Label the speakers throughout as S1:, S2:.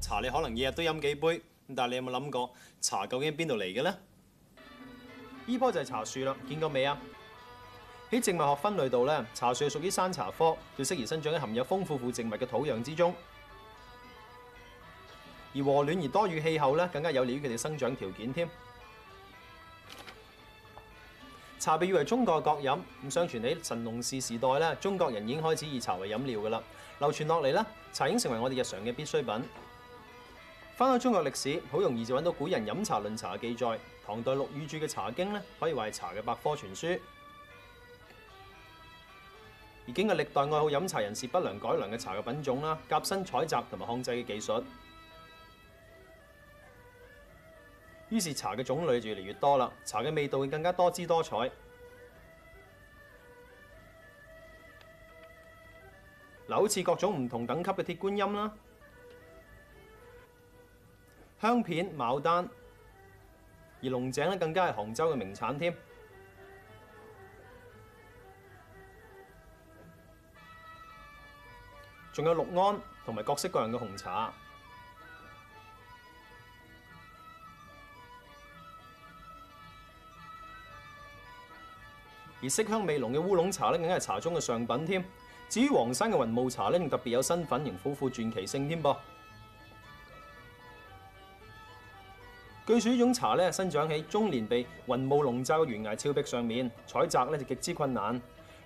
S1: 茶，你可能日日都飲幾杯，但係你有冇諗過茶究竟邊度嚟嘅呢？依棵就係茶樹啦，見過未啊？喺植物學分類度呢，茶樹係屬於山茶科，最適宜生長喺含有豐富腐植物嘅土壤之中，而和暖而多雨氣候呢，更加有利於佢哋生長條件添。茶被譽為中國嘅國飲，咁相傳喺神農氏時代咧，中國人已經開始以茶為飲料噶啦。流傳落嚟呢，茶已經成為我哋日常嘅必需品。翻到中國歷史，好容易就揾到古人飲茶論茶嘅記載。唐代陸羽著嘅《茶經》咧，可以話係茶嘅百科全書，而經歷歷代愛好飲茶人士不良改良嘅茶嘅品種啦、夾新採集同埋控制嘅技術。於是茶嘅種類就越嚟越多啦，茶嘅味道會更加多姿多彩。嗱，好似各種唔同等級嘅鐵觀音啦。香片、牡丹，而龍井咧更加係杭州嘅名產添。仲有六安同埋各式各樣嘅紅茶，而色香味濃嘅烏龍茶呢，更加係茶中嘅上品添。至於黃山嘅雲霧茶呢，仲特別有身份型、富有傳奇性添噃。據說呢種茶咧生長喺終年被雲霧籠罩嘅懸崖峭壁上面，採摘咧就極之困難，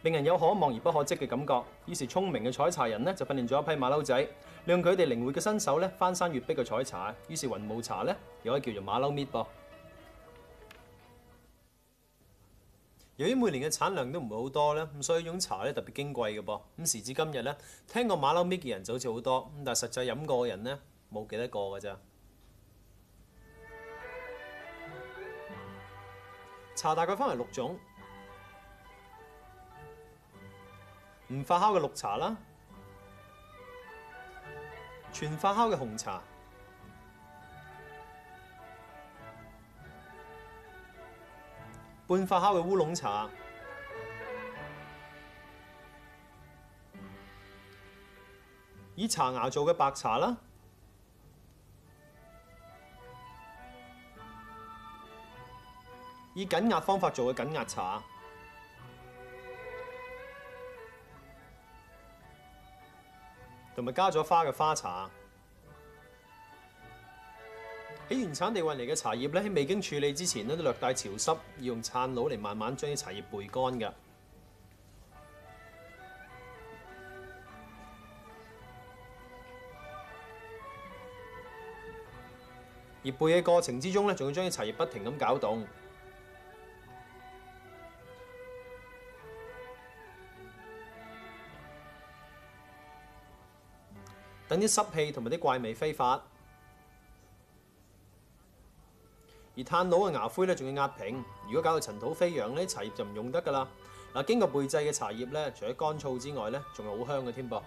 S1: 令人有可望而不可即嘅感覺。於是聰明嘅採茶人呢，就訓練咗一批馬騮仔，用佢哋靈活嘅身手咧翻山越壁去採茶。於是雲霧茶咧又可以叫做馬騮搣噃。由於每年嘅產量都唔會好多咧，咁所以呢種茶咧特別矜貴嘅噃。咁時至今日咧，聽過馬騮搣嘅人就好似好多，咁但實際飲過嘅人咧冇幾多個㗎咋。茶大概分為六種，唔發酵嘅綠茶啦，全發酵嘅紅茶，半發酵嘅烏龍茶，以茶芽做嘅白茶啦。以緊壓方法做嘅緊壓茶，同埋加咗花嘅花茶，喺原產地運嚟嘅茶葉呢，喺未經處理之前咧都略帶潮濕，要用炭爐嚟慢慢將啲茶葉焙乾嘅。而焙嘅過程之中呢，仲要將啲茶葉不停咁攪動。等啲濕氣同埋啲怪味揮發，而炭爐嘅牙灰咧仲要壓平。如果搞到塵土飛揚咧，茶葉就唔用得噶啦。嗱，經過焙製嘅茶葉咧，除咗乾燥之外咧，仲係好香嘅添噃。